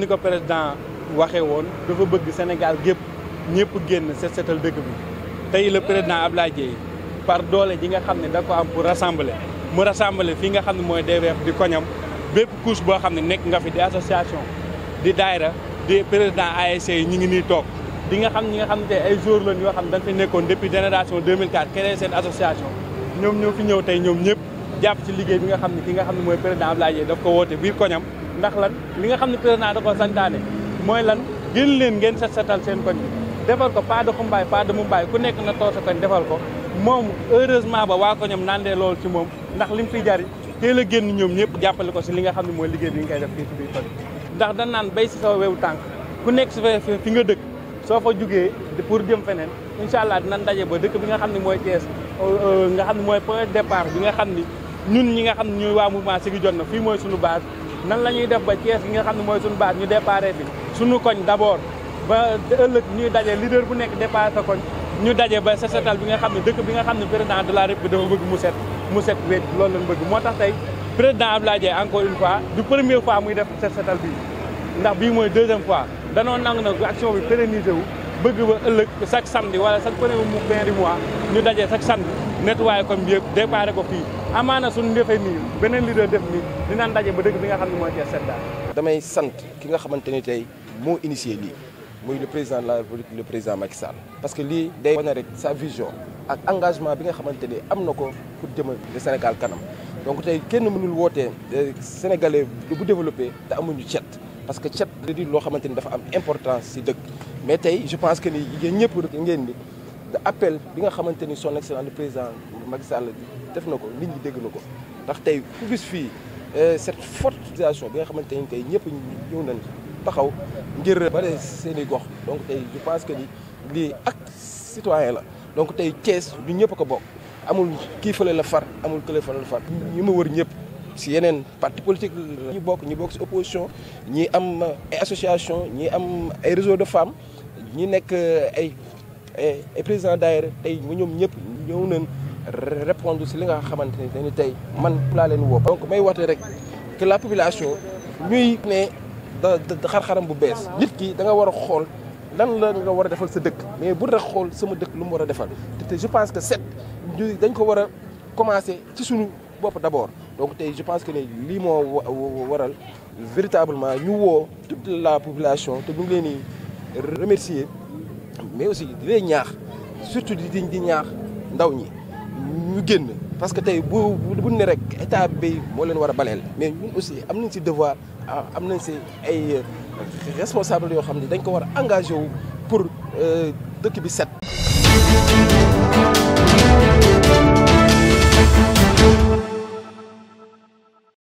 ni ko président waxee woon dafa bëgg Sénégal gépp ñëpp génn set setal dëkk bi tey le président Abdoulaye Dièye par doole ji nga xam ne da ko am pour rassembler mu rassembler fii nga xam ne mooy DVF di koñam bépp couche boo xam ne nekk nga fi di association di daayra di président ASC yi ñu ngi nii toog di nga xam ñi nga xam ne ay jour lañ yoo xam ne dañ fi nekkoon depuis génération 2004 créé association ñoom ñoo fi ñëw tey ñoom ñëpp jàpp ci liggéey bi nga xam ne ki nga xam ne mooy président Abdoulaye daf ko woote biir koñam ndax lan li nga xam ne président da ko santaane mooy lan gën leen ngeen set satal seen koñ bi defal ko pas de xumbaay pas de mumbaay ku nekk na too sa koñ defal ko moom heureusement ba waa ko ñoom nandee loolu ci moom ndax li mu fiy jariñ teel a génn ñoom ñëpp jàppale ko si li nga xam ne mooy liggéey bi nga koy def fii ndax da naan béy si sa wewu tànk ku nekk si fi nga dëkk soo fa jugee pour jëm feneen incha allah dinañ daje ba dëkk bi nga xam ne mooy Thiès euh, nga xam ne mooy point départ bi nga xam ni ñun ñi nga xam ne ñooy waa ma si gi jot na fii mooy suñu base nan la ñuy def ba Thiès gi nga xam ne mooy suñu baat ñu déparé bi suñu koñ d'abord ba ëllëg ñuy daje leader bu nekk déparé sa ñu daje ba sa setal bi nga xam ne dëkk bi nga xam ne président de la république dafa bëgg mu set mu set wéet bëgg moo tax tey président Abdoulaye Diaye encore une fois du première fois muy def set setal ndax bii mooy deuxième fois danoo nangu nag action bi pérennisé wu bëgg ba ëllëg chaque samedi wala chaque premier mu fin ñu dajé sax sant nettoyé comme bi yëpp déparé ko fi amana suñu defee ni benen leader def ni dinaan dajé ba dëgg bi nga xam mo ci Thiès damay sante ki nga xamante tay mo moo initié lii muy le président de la République le président Macky Sall parce que li day wane rek sa vision ak engagement bi nga xamante ni ko pour jëmal le Sénégal kanam donc tay kenn mënul woté euh, sénégalais bu développé te amuñu cet parce que cet da lo loo dafa am importance ci dëkk mais tay je pense que ni yéen rek ngeen ni appel bi nga xamante ni son excellence le président Macky Sall def na ko nit ñi dégg na ko ndax tey ku gis fii euh, cette forte bi nga xamante ni tey ñëpp ñëw nañ taxaw ngir bare seen i gox donc tey je pense que ni lii ak citoyen la donc tey Thiès du ñëpp ko bokk amul kii fële la far amul kële fële la far ñu ma wër ñëpp si yeneen parti politique ñu bokk ñu bokk si opposition ñi am ay association ñi am ay réseau de femmes ñi nekk euh, ay et président d'ailleurs tay tey ñoom ñëpp ñëw nañ répondre ci li nga xamanteni dañu tay man pla len wo donc may woote rek que la population ñuy né xar-xaram bu bees nit ki da nga wara xol lan la nga wara a defal sa dëkk mais bu rek xol sama dëkk lu mu wara a defal te je pense que set dañ ko wara commencer ci suñu bop d'abord donc tay je pense que ne lii moo waral véritablement ñu wo toute la population te bu ngi leni remercier mais aussi les ñaax surtout di di ñaax ndaw ñu parce que tey bu bu ne rek état bi moo leen war a mais ñun aussi am nañ devoir am nañ ay responsable engagé pour euh, dëkk bi